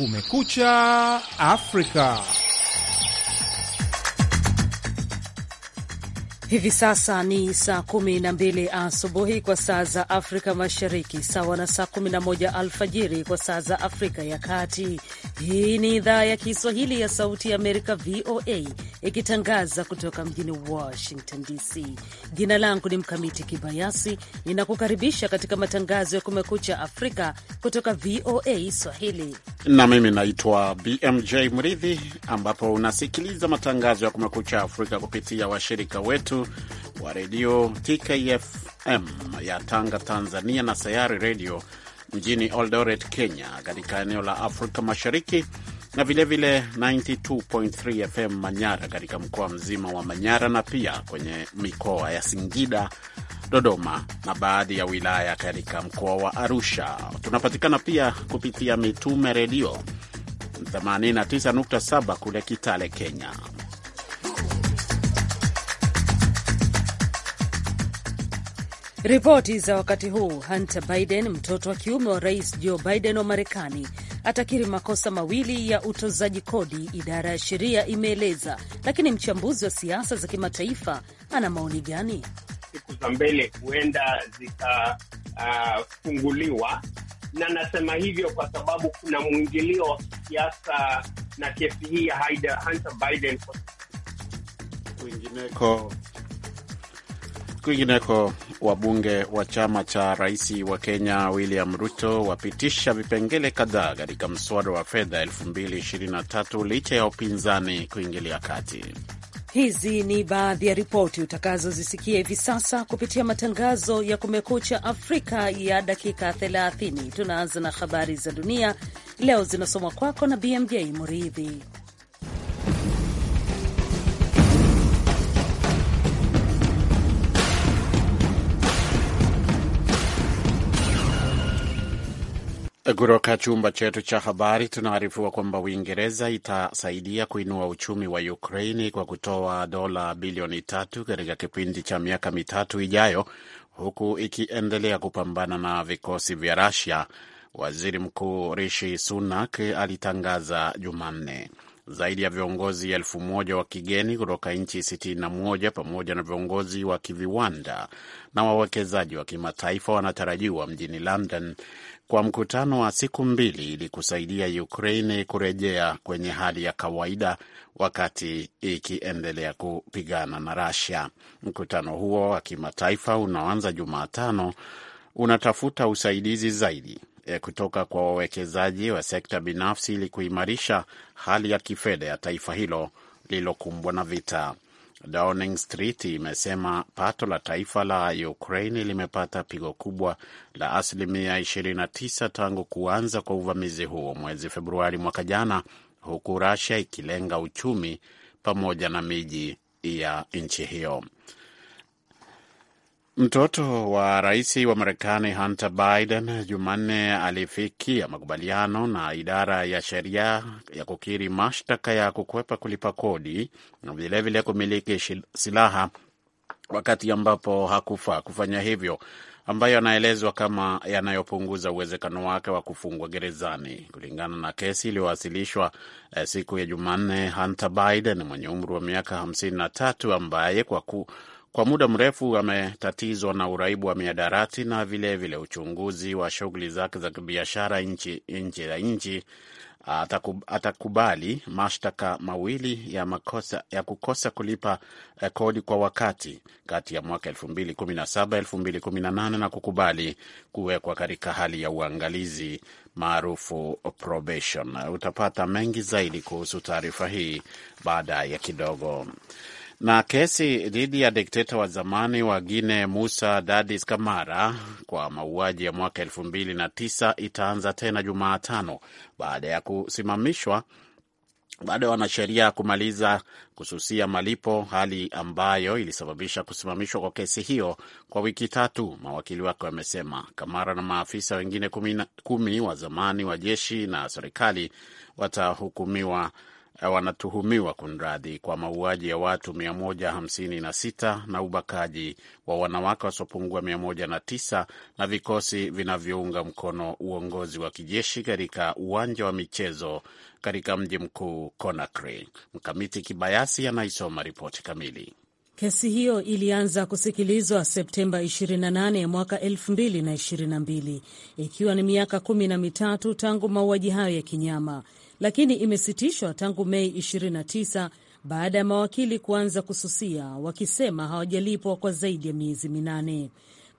Kumekucha Afrika. Hivi sasa ni saa kumi na mbili asubuhi kwa saa za Afrika Mashariki, sawa na saa kumi na moja alfajiri kwa saa za Afrika ya Kati. Hii ni idhaa ya Kiswahili ya Sauti ya Amerika, VOA ikitangaza kutoka mjini Washington DC. Jina langu ni Mkamiti Kibayasi, ninakukaribisha katika matangazo ya Kumekucha Afrika kutoka VOA Swahili, na mimi naitwa BMJ Mridhi, ambapo unasikiliza matangazo ya Kumekucha Afrika kupitia washirika wetu wa redio TKFM ya Tanga, Tanzania, na Sayari Redio mjini Eldoret, Kenya, katika eneo la Afrika Mashariki na vilevile 92.3 FM Manyara katika mkoa mzima wa Manyara na pia kwenye mikoa ya Singida, Dodoma na baadhi ya wilaya katika mkoa wa Arusha. Tunapatikana pia kupitia Mitume Redio 89.7 kule Kitale, Kenya. Ripoti za wakati huu. Hunter Biden, mtoto wa kiume wa rais Joe Biden wa Marekani, atakiri makosa mawili ya utozaji kodi, idara ya sheria imeeleza. Lakini mchambuzi wa siasa za kimataifa ana maoni gani? Siku za mbele huenda zikafunguliwa, uh, na nasema hivyo kwa sababu kuna mwingilio wa kisiasa na kesi hii ya Hunter Biden kwingineko Kwingineko, wabunge wa chama cha rais wa Kenya William Ruto wapitisha vipengele kadhaa katika mswada wa fedha 2023 licha ya upinzani kuingilia kati. Hizi ni baadhi ya ripoti utakazozisikia hivi sasa kupitia matangazo ya Kumekucha Afrika ya dakika 30. Tunaanza na habari za dunia leo, zinasomwa kwako na BMJ Muridhi. Kutoka chumba chetu cha habari tunaarifiwa kwamba Uingereza itasaidia kuinua uchumi wa Ukraini kwa kutoa dola bilioni tatu katika kipindi cha miaka mitatu ijayo, huku ikiendelea kupambana na vikosi vya Rusia. Waziri Mkuu Rishi Sunak alitangaza Jumanne. Zaidi ya viongozi elfu moja wa kigeni kutoka nchi sitini na moja pamoja na viongozi wa kiviwanda na wawekezaji wa kimataifa wanatarajiwa mjini London kwa mkutano wa siku mbili ili kusaidia Ukraine kurejea kwenye hali ya kawaida wakati ikiendelea kupigana na Russia. Mkutano huo wa kimataifa unaoanza Jumatano unatafuta usaidizi zaidi e, kutoka kwa wawekezaji wa sekta binafsi ili kuimarisha hali ya kifedha ya taifa hilo lililokumbwa na vita. Downing Street imesema pato la taifa la Ukraine limepata pigo kubwa la asilimia 29 tangu kuanza kwa uvamizi huo mwezi Februari mwaka jana, huku Russia ikilenga uchumi pamoja na miji ya nchi hiyo. Mtoto wa rais wa Marekani Hunter Biden Jumanne alifikia makubaliano na idara ya sheria ya kukiri mashtaka ya kukwepa kulipa kodi na vilevile kumiliki silaha wakati ambapo hakufaa kufanya hivyo, ambayo yanaelezwa kama yanayopunguza uwezekano wake wa kufungwa gerezani. Kulingana na kesi iliyowasilishwa eh, siku ya Jumanne, Hunter Biden mwenye umri wa miaka 53 ambaye kwa ku kwa muda mrefu ametatizwa na uraibu wa miadarati na vilevile vile uchunguzi wa shughuli zake za kibiashara nje ya nchi. Atakubali mashtaka mawili ya makosa ya kukosa kulipa eh, kodi kwa wakati kati ya mwaka 2017 2018, na kukubali kuwekwa katika hali ya uangalizi maarufu probation. Utapata mengi zaidi kuhusu taarifa hii baada ya kidogo. Na kesi dhidi ya dikteta wa zamani wa Guine Musa Dadis Kamara kwa mauaji ya mwaka elfu mbili na tisa itaanza tena Jumatano baada ya kusimamishwa baada ya wanasheria kumaliza kususia malipo, hali ambayo ilisababisha kusimamishwa kwa kesi hiyo kwa wiki tatu, mawakili wake wamesema. Kamara na maafisa wengine kumi wa zamani wa jeshi na serikali watahukumiwa Eh, wanatuhumiwa kunradhi, kwa mauaji ya watu 156 na ubakaji wa wanawake wasiopungua 109 na vikosi vinavyounga mkono uongozi wa kijeshi katika uwanja wa michezo katika mji mkuu Conakry. Mkamiti Kibayasi anaisoma ripoti kamili. Kesi hiyo ilianza kusikilizwa Septemba 28 mwaka 2022 ikiwa ni miaka kumi na mitatu tangu mauaji hayo ya kinyama lakini imesitishwa tangu Mei 29 baada ya mawakili kuanza kususia wakisema hawajalipwa kwa zaidi ya miezi minane.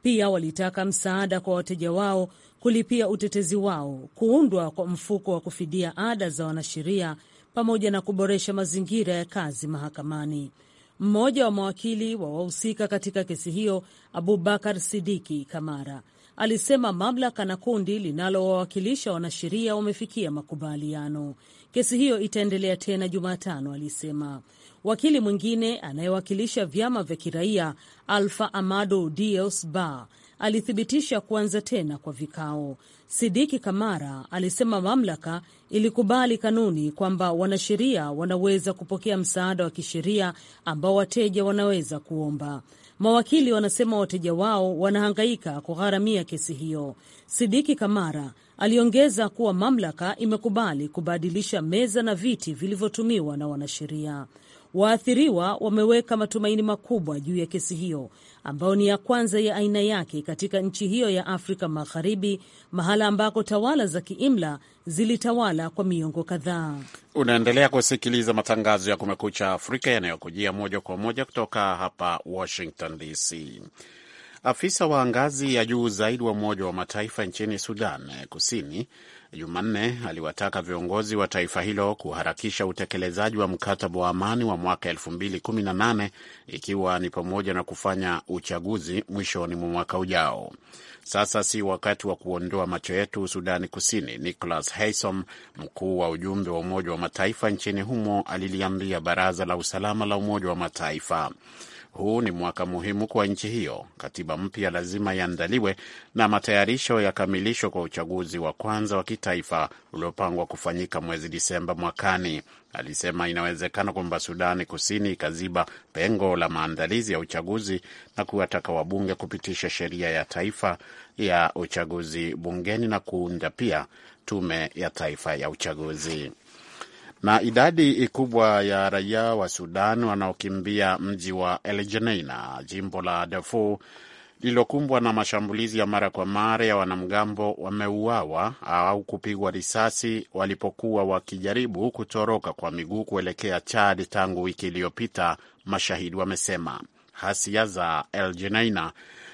Pia walitaka msaada kwa wateja wao kulipia utetezi wao, kuundwa kwa mfuko wa kufidia ada za wanasheria, pamoja na kuboresha mazingira ya kazi mahakamani. Mmoja wa mawakili wa wahusika katika kesi hiyo, Abubakar Sidiki Kamara, alisema mamlaka na kundi linalowawakilisha wanasheria wamefikia makubaliano. Kesi hiyo itaendelea tena Jumatano, alisema. Wakili mwingine anayewakilisha vyama vya kiraia Alfa Amado Dios ba alithibitisha kuanza tena kwa vikao. Sidiki Kamara alisema mamlaka ilikubali kanuni kwamba wanasheria wanaweza kupokea msaada wa kisheria ambao wateja wanaweza kuomba. Mawakili wanasema wateja wao wanahangaika kugharamia kesi hiyo. Sidiki Kamara aliongeza kuwa mamlaka imekubali kubadilisha meza na viti vilivyotumiwa na wanasheria. Waathiriwa wameweka matumaini makubwa juu ya kesi hiyo ambayo ni ya kwanza ya aina yake katika nchi hiyo ya Afrika Magharibi, mahala ambako tawala za kiimla zilitawala kwa miongo kadhaa. Unaendelea kusikiliza matangazo ya Kumekucha Afrika yanayokujia moja kwa moja kutoka hapa Washington DC. Afisa wa ngazi ya juu zaidi wa Umoja wa Mataifa nchini Sudan Kusini Jumanne aliwataka viongozi wa taifa hilo kuharakisha utekelezaji wa mkataba wa amani wa mwaka 2018 ikiwa ni pamoja na kufanya uchaguzi mwishoni mwa mwaka ujao. Sasa si wakati wa kuondoa macho yetu Sudani Kusini, Nicholas Haysom, mkuu wa ujumbe wa Umoja wa Mataifa nchini humo, aliliambia Baraza la Usalama la Umoja wa Mataifa. Huu ni mwaka muhimu kwa nchi hiyo. Katiba mpya lazima iandaliwe na matayarisho yakamilishwe kwa uchaguzi wa kwanza wa kitaifa uliopangwa kufanyika mwezi Disemba mwakani. Alisema inawezekana kwamba Sudani Kusini ikaziba pengo la maandalizi ya uchaguzi na kuwataka wabunge kupitisha sheria ya taifa ya uchaguzi bungeni na kuunda pia tume ya taifa ya uchaguzi na idadi kubwa ya raia wa Sudan wanaokimbia mji wa El Geneina, jimbo la Darfur lililokumbwa na mashambulizi ya mara kwa mara ya wanamgambo wameuawa au kupigwa risasi walipokuwa wakijaribu kutoroka kwa miguu kuelekea Chad tangu wiki iliyopita, mashahidi wamesema. Hasia za El Geneina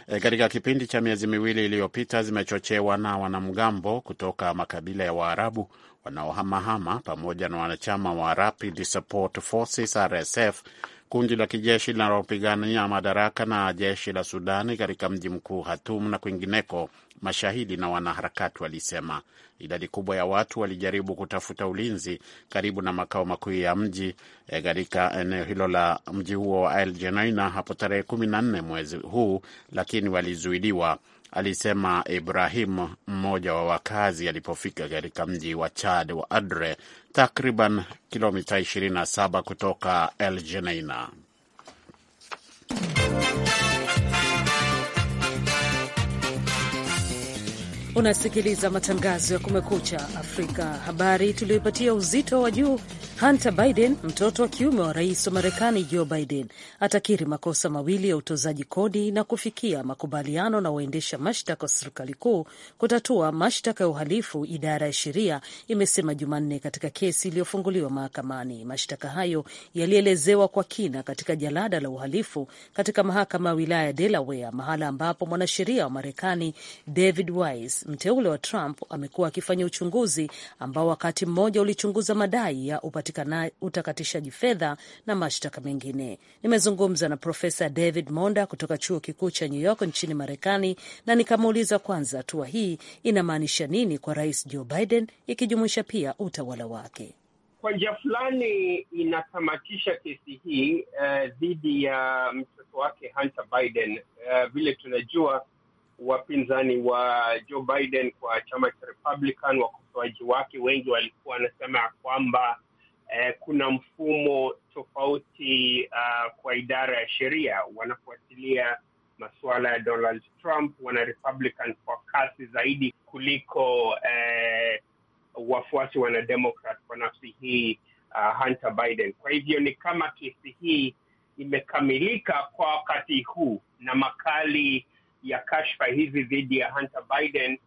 e, katika kipindi cha miezi miwili iliyopita zimechochewa na wanamgambo kutoka makabila ya Waarabu wanaohamahama pamoja na wanachama wa Rapid Support Forces RSF, kundi la kijeshi linalopigania madaraka na jeshi la Sudani katika mji mkuu Hatum na kwingineko Mashahidi na wanaharakati walisema idadi kubwa ya watu walijaribu kutafuta ulinzi karibu na makao makuu ya mji eh, katika eneo hilo la mji huo wa El Geneina hapo tarehe kumi na nne mwezi huu, lakini walizuiliwa, alisema Ibrahim, mmoja wa wakazi, alipofika katika mji wa Chad wa Adre, takriban kilomita 27 kutoka El Geneina. Unasikiliza matangazo ya Kumekucha Afrika. Habari tuliyoipatia uzito wa juu Hunter Biden, mtoto wa kiume wa rais wa Marekani Joe Biden, atakiri makosa mawili ya utozaji kodi na kufikia makubaliano na waendesha mashtaka wa serikali kuu kutatua mashtaka ya uhalifu, idara ya sheria imesema Jumanne katika kesi iliyofunguliwa mahakamani. Mashtaka hayo yalielezewa kwa kina katika jalada la uhalifu katika mahakama ya wilaya ya Delaware, mahala ambapo mwanasheria wa Marekani David Weiss, mteule wa Trump, amekuwa akifanya uchunguzi ambao wakati mmoja ulichunguza madai ya utakatishaji fedha na mashtaka mengine. Nimezungumza na Profesa David Monda kutoka chuo kikuu cha New York nchini Marekani, na nikamuuliza kwanza, hatua hii inamaanisha nini kwa Rais Joe Biden ikijumuisha pia utawala wake. Kwa njia fulani inatamatisha kesi hii eh, dhidi uh, ya mtoto wake Hunter Biden. Eh, vile tunajua wapinzani wa Joe Biden kwa chama cha Republican, wakosoaji wake wengi walikuwa wanasema ya kwamba eh, kuna mfumo tofauti uh, kwa idara ya sheria. Wanafuatilia masuala ya Donald Trump, wana Republican kwa kasi zaidi kuliko eh, wafuasi wanademokrat kwa nafsi hii uh, Hunter Biden. Kwa hivyo ni kama kesi hii imekamilika kwa wakati huu na makali ya kashfa hizi dhidi ya Hunter Biden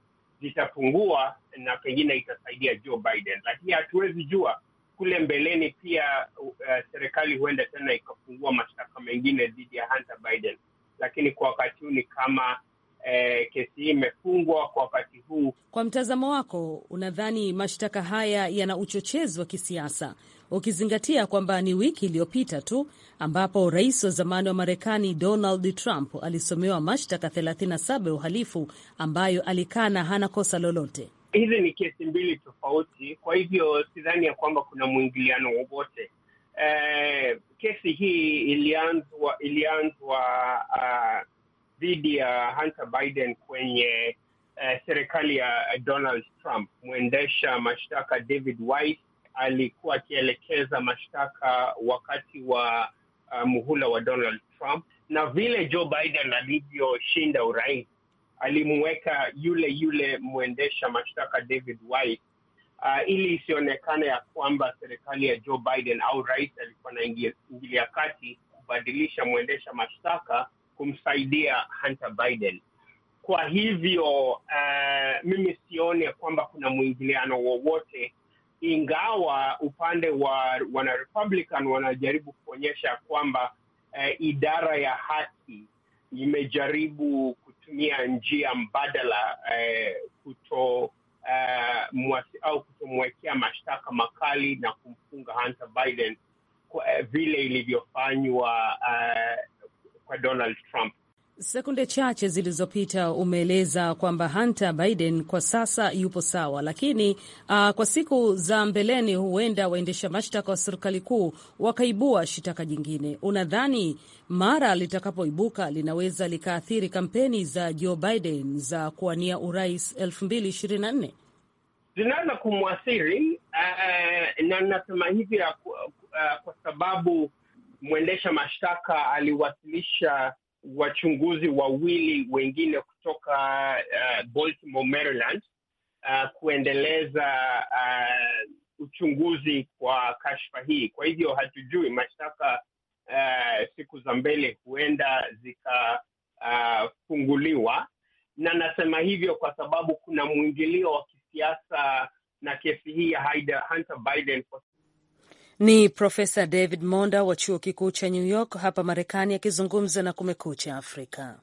zitapungua na pengine itasaidia Joe Biden, lakini hatuwezi jua kule mbeleni pia uh, serikali huenda tena ikafungua mashtaka mengine dhidi ya Hunter Biden, lakini kwa wakati huu ni kama eh, kesi hii imefungwa kwa wakati huu. Kwa mtazamo wako, unadhani mashtaka haya yana uchochezi wa kisiasa ukizingatia kwamba ni wiki iliyopita tu ambapo rais wa zamani wa Marekani Donald Trump alisomewa mashtaka 37 ya uhalifu ambayo alikana hana kosa lolote? hizi ni kesi mbili tofauti, kwa hivyo sidhani ya kwamba kuna mwingiliano wowote. Eh, kesi hii ilianzwa ilianzwa ah, dhidi uh, ya Hunter Biden kwenye uh, serikali ya Donald Trump. Mwendesha mashtaka David Weiss alikuwa akielekeza mashtaka wakati wa uh, muhula wa Donald Trump na vile Joe Biden alivyoshinda urais alimweka yule yule mwendesha mashtaka David White uh, ili isionekane ya kwamba serikali ya Joe Biden au rais alikuwa anaingilia kati kubadilisha mwendesha mashtaka kumsaidia Hunter Biden. Kwa hivyo uh, mimi sioni ya kwamba kuna mwingiliano wowote, ingawa upande wa wana Republican wanajaribu kuonyesha kwamba uh, idara ya haki imejaribu kutumia njia mbadala eh, kuto Uh, mwasi, au kutomwekea mashtaka makali na kumfunga Hunter Biden kwa, uh, vile ilivyofanywa uh, kwa Donald Trump. Sekunde chache zilizopita umeeleza kwamba Hunter Biden kwa sasa yupo sawa, lakini uh, kwa siku za mbeleni huenda waendesha mashtaka wa serikali kuu wakaibua shitaka jingine. Unadhani mara litakapoibuka linaweza likaathiri kampeni za Joe Biden za kuwania urais 2024? Zinaweza kumwathiri uh, na nasema hivi uh, kwa sababu mwendesha mashtaka aliwasilisha wachunguzi wawili wengine kutoka uh, Baltimore, Maryland uh, kuendeleza uh, uchunguzi kwa kashfa hii. Kwa hivyo hatujui mashtaka uh, siku za mbele huenda zikafunguliwa, uh, na nasema hivyo kwa sababu kuna mwingilio wa kisiasa na kesi hii ya Hunter Biden kwa ni Profesa David Monda wa chuo kikuu cha New York hapa Marekani akizungumza na Kumekucha Afrika.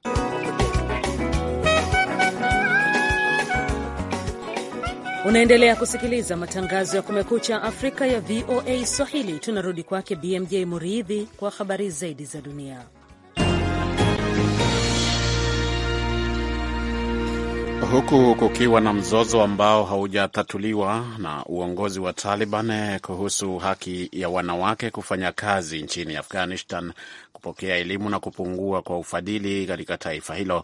Unaendelea kusikiliza matangazo ya Kumekucha Afrika ya VOA Swahili. Tunarudi kwake BMJ Muridhi kwa habari zaidi za dunia. Huku kukiwa na mzozo ambao haujatatuliwa na uongozi wa Taliban kuhusu haki ya wanawake kufanya kazi nchini Afghanistan, kupokea elimu na kupungua kwa ufadhili katika taifa hilo,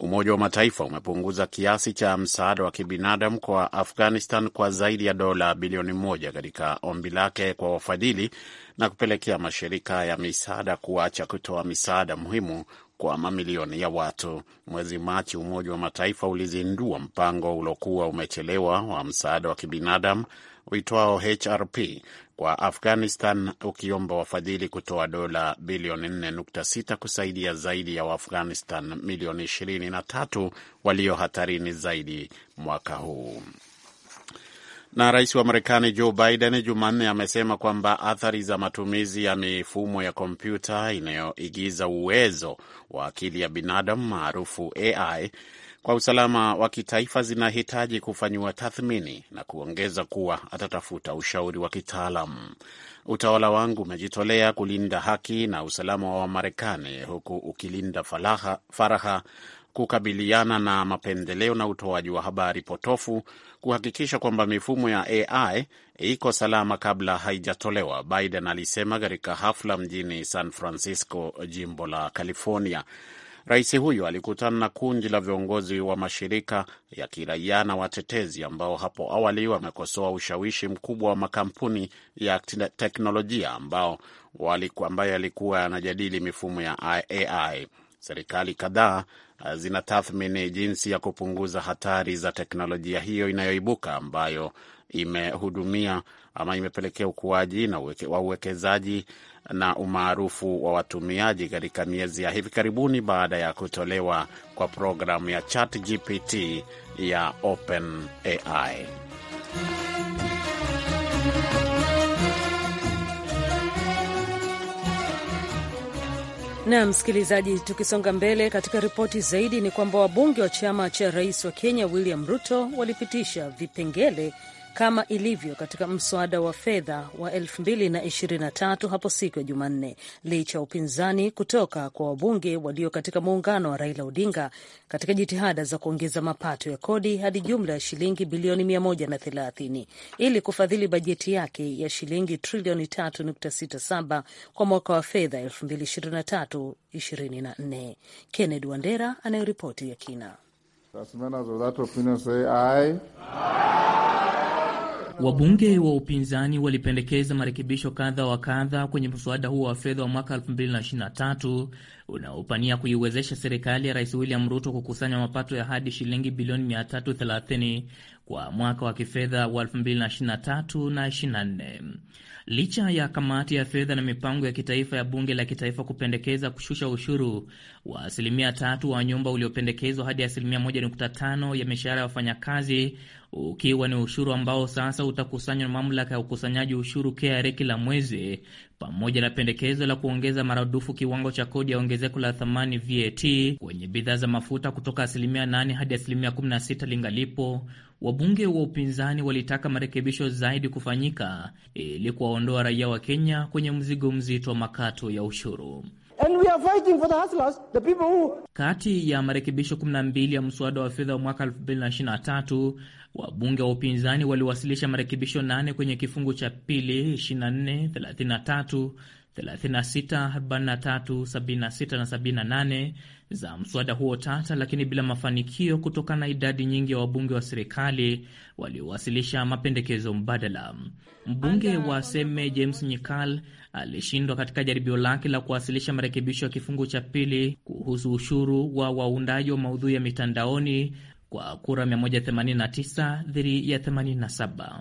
Umoja wa Mataifa umepunguza kiasi cha msaada wa kibinadamu kwa Afghanistan kwa zaidi ya dola bilioni moja katika ombi lake kwa wafadhili na kupelekea mashirika ya misaada kuacha kutoa misaada muhimu kwa mamilioni ya watu. Mwezi Machi, Umoja wa Mataifa ulizindua mpango uliokuwa umechelewa wa msaada wa kibinadamu uitwao HRP kwa Afghanistan, ukiomba wafadhili kutoa dola bilioni 4.6 kusaidia zaidi ya Waafghanistan milioni 23 walio hatarini zaidi mwaka huu. Na rais wa Marekani Joe Biden Jumanne amesema kwamba athari za matumizi ya mifumo ya kompyuta inayoigiza uwezo wa akili ya binadamu maarufu AI kwa usalama wa kitaifa zinahitaji kufanyiwa tathmini na kuongeza kuwa atatafuta ushauri wa kitaalam Utawala wangu umejitolea kulinda haki na usalama wa Wamarekani huku ukilinda faraha kukabiliana na mapendeleo na utoaji wa habari potofu, kuhakikisha kwamba mifumo ya AI iko salama kabla haijatolewa, Biden alisema katika hafla mjini San Francisco, jimbo la California. Rais huyo alikutana na kundi la viongozi wa mashirika ya kiraia na watetezi ambao hapo awali wamekosoa ushawishi mkubwa wa makampuni ya teknolojia ambao ambayo yalikuwa yanajadili mifumo ya AI. Serikali kadhaa eh, zinatathmini jinsi ya kupunguza hatari za teknolojia hiyo inayoibuka ambayo imehudumia ama imepelekea ukuaji na uweke, wa uwekezaji na umaarufu wa watumiaji katika miezi ya hivi karibuni baada ya kutolewa kwa programu ya ChatGPT ya OpenAI. Na msikilizaji, tukisonga mbele katika ripoti zaidi ni kwamba wabunge wa chama cha rais wa Kenya William Ruto walipitisha vipengele kama ilivyo katika mswada wa fedha wa 2023 hapo siku ya Jumanne, licha ya upinzani kutoka kwa wabunge walio katika muungano wa Raila Odinga katika jitihada za kuongeza mapato ya kodi hadi jumla ya shilingi bilioni 130 ili kufadhili bajeti yake ya shilingi trilioni 3.67 kwa mwaka wa fedha 2023/24. Wandera anayoripoti ya kina. Wabunge wa upinzani walipendekeza marekebisho kadha wa kadha kwenye mswada huo wa fedha wa mwaka 2023 unaopania kuiwezesha serikali ya Rais William Ruto kukusanya mapato ya hadi shilingi bilioni 330 kwa mwaka wa kifedha wa 2023 na 24. Licha ya kamati ya fedha na mipango ya kitaifa ya bunge la kitaifa kupendekeza kushusha ushuru wa asilimia tatu wa nyumba uliopendekezwa hadi asilimia 1.5 ya mishahara ya wafanyakazi, ukiwa ni ushuru ambao sasa utakusanywa na mamlaka ya ukusanyaji ushuru KRA kila mwezi, pamoja na pendekezo la kuongeza maradufu kiwango cha kodi ya ongezeko la thamani VAT kwenye bidhaa za mafuta kutoka asilimia 8 hadi asilimia 16 lingalipo wabunge wa upinzani walitaka marekebisho zaidi kufanyika ili kuwaondoa raia wa Kenya kwenye mzigo mzito wa makato ya ushuru. And we are fighting for the hustlers, the people who... Kati ya marekebisho 12 ya mswada wa fedha wa mwaka 2023 wabunge wa upinzani waliwasilisha marekebisho 8 kwenye kifungu cha pili, 24, 33 36, za mswada huo tata, lakini bila mafanikio kutokana na idadi nyingi ya wabunge wa serikali waliowasilisha mapendekezo mbadala. Mbunge wa Seme James Nyikal alishindwa katika jaribio lake la kuwasilisha marekebisho ya kifungu cha pili kuhusu ushuru wa waundaji wa maudhui ya mitandaoni kwa kura 189 dhidi ya 87.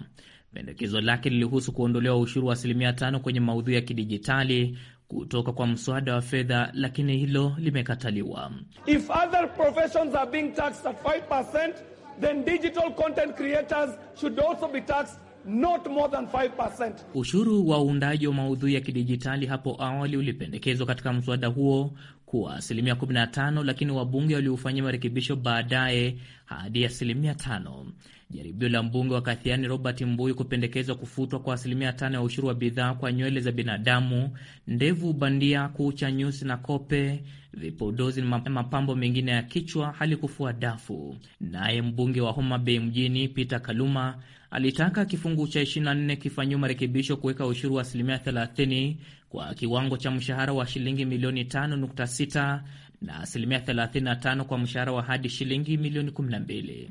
Pendekezo lake lilihusu kuondolewa ushuru wa asilimia tano kwenye maudhui ya kidijitali kutoka kwa mswada wa fedha, lakini hilo limekataliwa. If other professions are being taxed at 5%, then digital content creators should also be taxed Not more than 5%. Ushuru wa uundaji wa maudhui ya kidijitali hapo awali ulipendekezwa katika mswada huo kuwa asilimia 15, lakini wabunge waliofanyia marekebisho baadaye hadi asilimia 5. Jaribio la mbunge wa Kathiani Robert Mbuyu kupendekezwa kufutwa kwa asilimia 5 ya ushuru wa bidhaa kwa nywele za binadamu, ndevu bandia, kucha, nyusi na kope, vipodozi na mapambo mengine ya kichwa halikufua dafu. Naye mbunge wa Homa Bay mjini Peter Kaluma alitaka kifungu cha 24 kifanyiwe marekebisho kuweka ushuru wa asilimia 30 kwa kiwango cha mshahara wa shilingi milioni 5.6 na asilimia 35 kwa mshahara wa hadi shilingi milioni 12.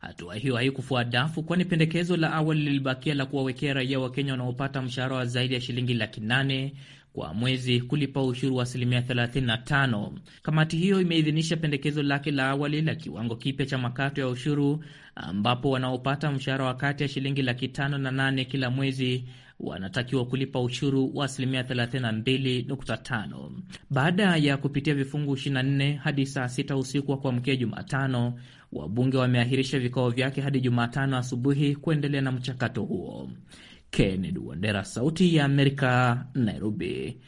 Hatua hiyo haikufua dafu, kwani pendekezo la awali lilibakia la kuwawekea raia wa Kenya wanaopata mshahara wa zaidi ya shilingi laki nane kwa mwezi kulipa ushuru wa asilimia 35. Kamati hiyo imeidhinisha pendekezo lake la awali la kiwango kipya cha makato ya ushuru ambapo wanaopata mshahara wa kati ya shilingi laki tano na nane kila mwezi wanatakiwa kulipa ushuru wa asilimia 32.5. Baada ya kupitia vifungu 24 hadi saa 6 usiku wa kuamkia Jumatano, wabunge wameahirisha vikao vyake hadi Jumatano asubuhi kuendelea na mchakato huo. Kennedy Wandera, Sauti ya Amerika, Nairobi.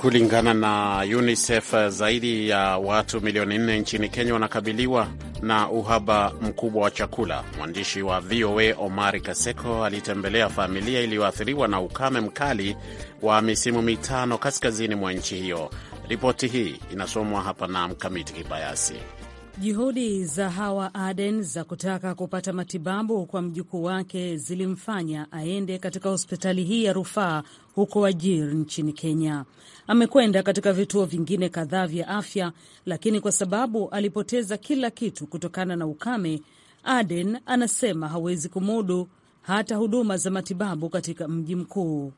Kulingana na UNICEF, zaidi ya watu milioni nne nchini Kenya wanakabiliwa na uhaba mkubwa wa chakula. Mwandishi wa VOA Omari Kaseko alitembelea familia iliyoathiriwa na ukame mkali wa misimu mitano kaskazini mwa nchi hiyo. Ripoti hii inasomwa hapa na Mkamiti Kibayasi. Juhudi za Hawa Aden za kutaka kupata matibabu kwa mjukuu wake zilimfanya aende katika hospitali hii ya rufaa huko Wajir nchini Kenya. Amekwenda katika vituo vingine kadhaa vya afya, lakini kwa sababu alipoteza kila kitu kutokana na ukame, Aden anasema hawezi kumudu hata huduma za matibabu katika mji mkuu.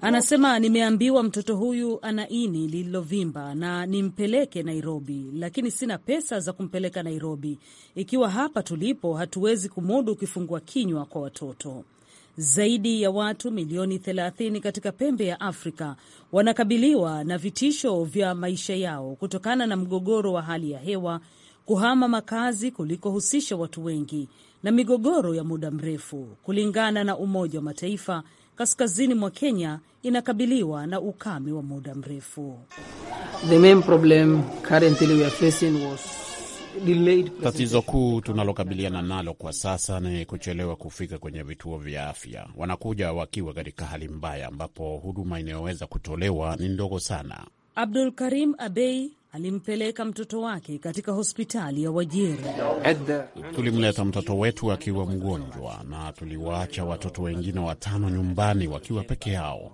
Anasema nimeambiwa mtoto huyu ana ini lililovimba na nimpeleke Nairobi, lakini sina pesa za kumpeleka Nairobi. Ikiwa hapa tulipo hatuwezi kumudu kifungua kinywa kwa watoto. Zaidi ya watu milioni 30 katika pembe ya Afrika wanakabiliwa na vitisho vya maisha yao kutokana na mgogoro wa hali ya hewa, kuhama makazi kulikohusisha watu wengi na migogoro ya muda mrefu. Kulingana na Umoja wa Mataifa, kaskazini mwa Kenya inakabiliwa na ukame wa muda mrefu. Tatizo kuu tunalokabiliana nalo kwa sasa ni kuchelewa kufika kwenye vituo vya afya. Wanakuja wakiwa katika hali mbaya, ambapo huduma inayoweza kutolewa ni ndogo sana. Abdul Karim Abei alimpeleka mtoto wake katika hospitali ya Wajiri. Tulimleta mtoto wetu akiwa mgonjwa na tuliwaacha watoto wengine watano nyumbani wakiwa peke yao.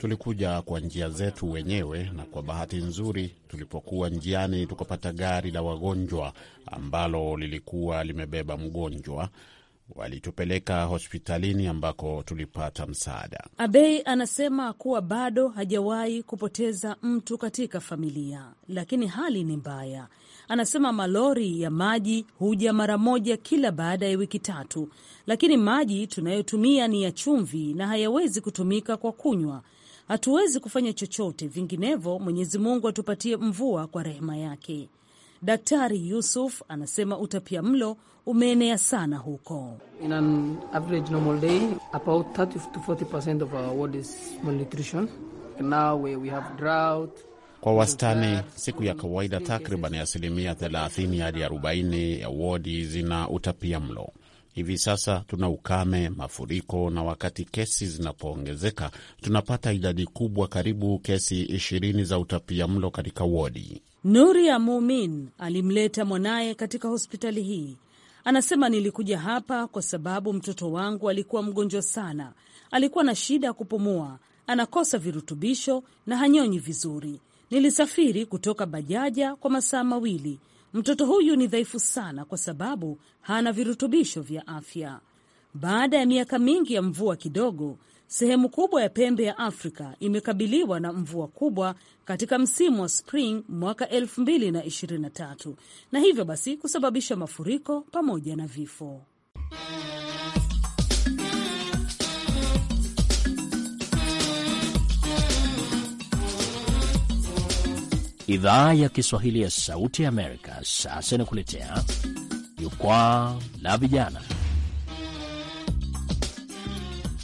Tulikuja kwa njia zetu wenyewe, na kwa bahati nzuri, tulipokuwa njiani tukapata gari la wagonjwa ambalo lilikuwa limebeba mgonjwa walitupeleka hospitalini ambako tulipata msaada. Abei anasema kuwa bado hajawahi kupoteza mtu katika familia, lakini hali ni mbaya. Anasema malori ya maji huja mara moja kila baada ya wiki tatu, lakini maji tunayotumia ni ya chumvi na hayawezi kutumika kwa kunywa. Hatuwezi kufanya chochote vinginevyo, Mwenyezi Mungu atupatie mvua kwa rehema yake. Daktari Yusuf anasema utapia mlo umeenea sana huko. In an average normal day, about 30 to 40% of our world is malnutrition. we have drought. Kwa wastani siku ya kawaida takriban asilimia 30 hadi 40 ya wodi zina utapia mlo. Hivi sasa tuna ukame, mafuriko, na wakati kesi zinapoongezeka tunapata idadi kubwa, karibu kesi ishirini za utapia mlo katika wodi. Nuri ya Mumin alimleta mwanaye katika hospitali hii. Anasema, nilikuja hapa kwa sababu mtoto wangu alikuwa mgonjwa sana, alikuwa na shida ya kupumua, anakosa virutubisho na hanyonyi vizuri. Nilisafiri kutoka Bajaja kwa masaa mawili Mtoto huyu ni dhaifu sana kwa sababu hana virutubisho vya afya. Baada ya miaka mingi ya mvua kidogo, sehemu kubwa ya pembe ya Afrika imekabiliwa na mvua kubwa katika msimu wa spring mwaka 2023 na hivyo basi kusababisha mafuriko pamoja na vifo. Idhaa ya Kiswahili ya Sauti ya Amerika sasa inakuletea Jukwaa la Vijana.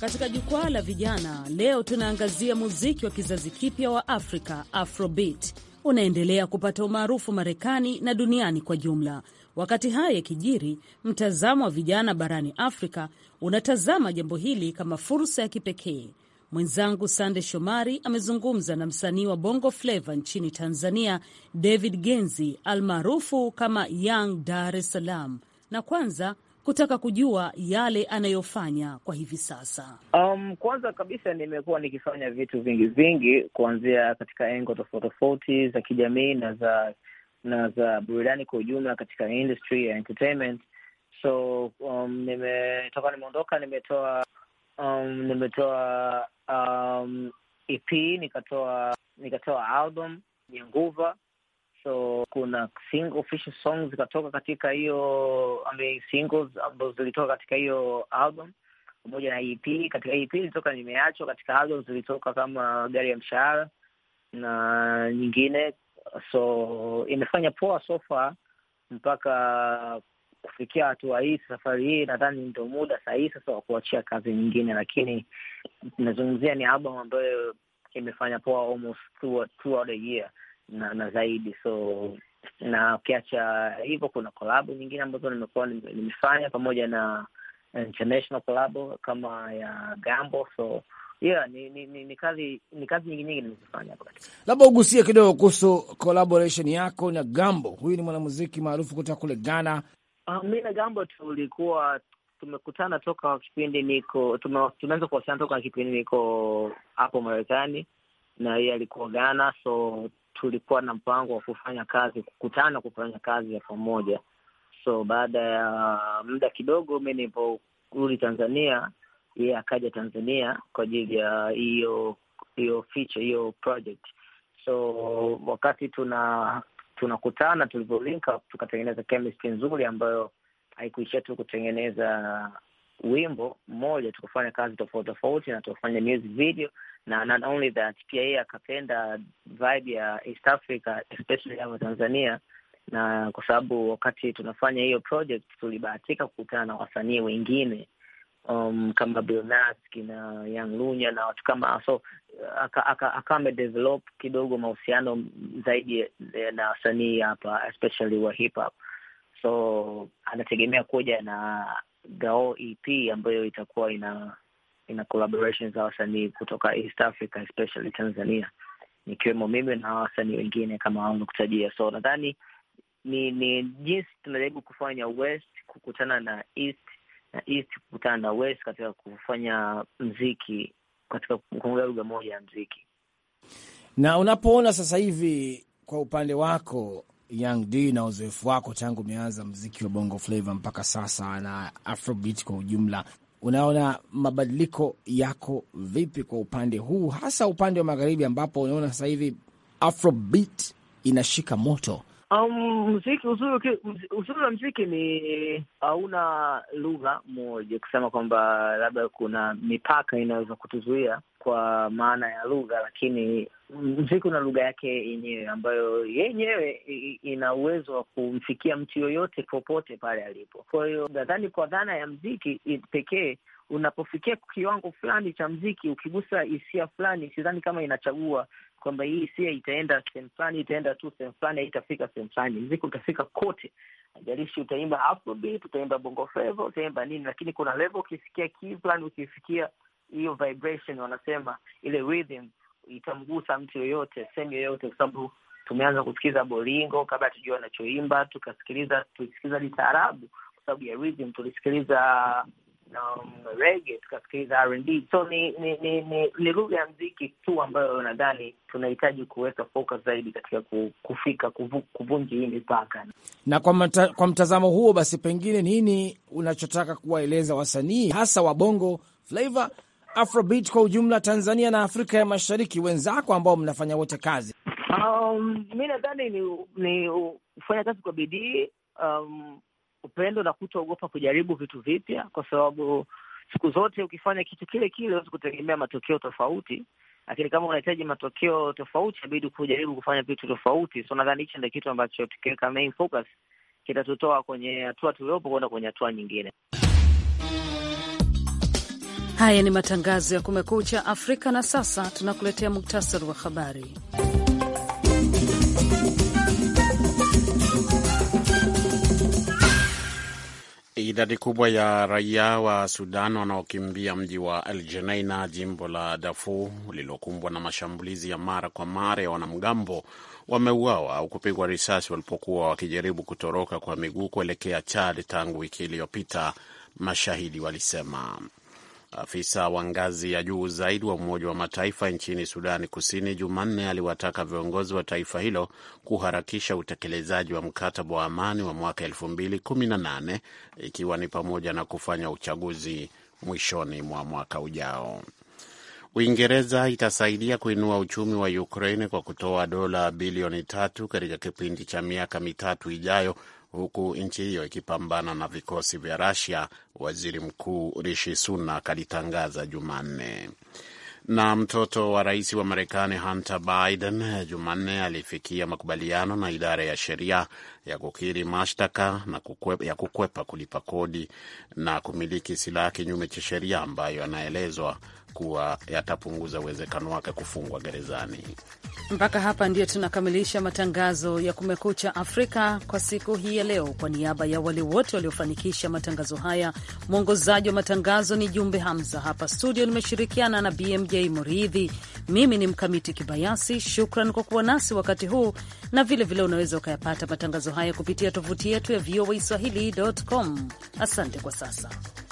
Katika Jukwaa la Vijana leo tunaangazia muziki wa kizazi kipya wa Afrika, Afrobeat unaendelea kupata umaarufu Marekani na duniani kwa jumla. Wakati haya yakijiri, mtazamo wa vijana barani Afrika unatazama jambo hili kama fursa ya kipekee Mwenzangu Sande Shomari amezungumza na msanii wa Bongo Flava nchini Tanzania, David Genzi almaarufu kama Young Dar es Salaam, na kwanza kutaka kujua yale anayofanya kwa hivi sasa. Um, kwanza kabisa nimekuwa nikifanya vitu vingi vingi, kuanzia katika engo tofauti tofauti za kijamii na za na za burudani kwa ujumla katika industry ya entertainment. So um, nimetoka nimeondoka, nimetoa um, nimetoa um, EP nikatoa nikatoa album ya Nguva, so kuna single official songs zikatoka katika hiyo singles ambazo zilitoka katika hiyo album pamoja na EP. Katika EP ilitoka Nimeachwa, katika album zilitoka kama Gari ya Mshahara na nyingine, so imefanya poa so far mpaka kufikia hatua hii, safari hii, nadhani ndo muda sahihi sasa wa kuachia kazi nyingine, lakini nazungumzia ni album ambayo imefanya poa almost throughout the year na, na zaidi so na ukiacha hivyo, kuna kolabo nyingine ambazo nimekuwa nimefanya pamoja na international collabo kama ya Gambo so yeah, ni, ni, ni, ni kazi ni kazi nyingi nyingi nimezifanya Labda ugusie kidogo kuhusu collaboration yako na Gambo. Huyu ni mwanamuziki maarufu kutoka kule Ghana Ah, mi na Gambo tulikuwa tumekutana toka kipindi niko tumeanza kuwasiliana toka kipindi niko hapo Marekani na yeye alikuwa Ghana, so tulikuwa na mpango wa kufanya kazi, kukutana kufanya kazi ya pamoja. So baada ya muda kidogo, mi niliporudi Tanzania, yeye yeah, akaja Tanzania kwa ajili ya hiyo hiyo feature hiyo project. So wakati tuna tunakutana, tulivyolink up tukatengeneza chemistry nzuri ambayo haikuishia tu kutengeneza wimbo mmoja, tukafanya kazi tofauti tofauti na tukafanya music video na not only that, pia yeye akapenda vibe ya East Africa especially hapa Tanzania, na kwa sababu wakati tunafanya hiyo project tulibahatika kukutana na wasanii wengine um, kama Bilnaski na Young Lunya na watu kama so aka, amedevelop kidogo mahusiano zaidi na wasanii hapa especially wa hip hop, so anategemea kuja na Gao EP ambayo itakuwa ina ina collaboration za wasanii kutoka East Africa especially Tanzania, nikiwemo mimi na wasanii wengine kama hao kutajia. So nadhani ni ni jinsi tunajaribu kufanya West kukutana na East na East kukutana na West katika kufanya mziki katika kuongea lugha moja ya mziki. Na unapoona sasa hivi kwa upande wako Young D na uzoefu wako tangu umeanza mziki wa Bongo Flava mpaka sasa na Afrobeat kwa ujumla, unaona mabadiliko yako vipi kwa upande huu, hasa upande wa magharibi ambapo unaona sasa hivi Afrobeat inashika moto Um, mziki uzuri, uzuri wa mziki ni hauna lugha moja, kusema kwamba labda kuna mipaka inaweza kutuzuia kwa maana ya lugha, lakini mziki una lugha yake yenyewe ambayo yenyewe ina uwezo wa kumfikia mtu yoyote popote pale alipo. Kwa hiyo nadhani kwa dhana ya mziki pekee unapofikia kiwango fulani cha mziki, ukigusa hisia fulani, sidhani kama inachagua kwamba hii hisia itaenda sehemu fulani, itaenda tu sehemu fulani, haitafika sehemu fulani. Mziki utafika kote, ajalishi utaimba afrobeat, utaimba bongo flava, utaimba nini, lakini kuna level ukisikia kii fulani, ukifikia hiyo vibration, wanasema ile rhythm itamgusa mtu yoyote sehemu yoyote, kwa sababu tumeanza kusikiza bolingo kabla tujua anachoimba, tukasikiliza tulisikiliza ni taarabu kwa sababu ya rhythm, tulisikiliza na um, reggae tukasikiliza R&B. So ni ni ni, ni, ni lugha ya mziki tu ambayo nadhani tunahitaji kuweka focus zaidi katika kufika kuvunji hii mipaka. Na kwa, mta, kwa mtazamo huo basi, pengine nini unachotaka kuwaeleza wasanii hasa wa bongo flava, afrobeat kwa ujumla, Tanzania na Afrika ya Mashariki wenzako ambao mnafanya wote kazi? Um, mi nadhani ni, ni kufanya kazi kwa bidii um, upendo na kutoogopa kujaribu vitu vipya, kwa sababu siku zote ukifanya kitu kile kile huwezi kutegemea matokeo tofauti, lakini kama unahitaji matokeo tofauti, inabidi kujaribu kufanya vitu tofauti. So nadhani hicho ndio kitu ambacho tukiweka main focus kitatutoa kwenye hatua tuliopo kwenda kwenye hatua nyingine. Haya ni matangazo ya Kumekucha Afrika, na sasa tunakuletea muktasari wa habari. Idadi kubwa ya raia wa Sudan wanaokimbia mji wa El Geneina, jimbo la dafu lililokumbwa na mashambulizi ya mara kwa mara ya wanamgambo, wameuawa au kupigwa risasi walipokuwa wakijaribu kutoroka kwa miguu kuelekea Chad tangu wiki iliyopita, mashahidi walisema. Afisa wa ngazi ya juu zaidi wa Umoja wa Mataifa nchini Sudani Kusini Jumanne aliwataka viongozi wa taifa hilo kuharakisha utekelezaji wa mkataba wa amani wa mwaka 2018 ikiwa ni pamoja na kufanya uchaguzi mwishoni mwa mwaka ujao. Uingereza itasaidia kuinua uchumi wa Ukraine kwa kutoa dola bilioni tatu katika kipindi cha miaka mitatu ijayo huku nchi hiyo ikipambana na vikosi vya rasia waziri mkuu Rishi Sunak alitangaza Jumanne. Na mtoto wa rais wa Marekani Hunter Biden Jumanne alifikia makubaliano na idara ya sheria ya kukiri mashtaka na kukwepa, ya kukwepa kulipa kodi na kumiliki silaha kinyume cha sheria ambayo anaelezwa kuwa yatapunguza uwezekano wake kufungwa gerezani. Mpaka hapa ndio tunakamilisha matangazo ya Kumekucha Afrika kwa siku hii ya leo. Kwa niaba ya wale wote waliofanikisha matangazo haya, mwongozaji wa matangazo ni Jumbe Hamza. Hapa studio nimeshirikiana na BMJ Muridhi. Mimi ni Mkamiti Kibayasi. Shukran kwa kuwa nasi wakati huu, na vilevile vile unaweza ukayapata matangazo haya kupitia tovuti yetu ya VOA Swahili.com. Asante kwa sasa.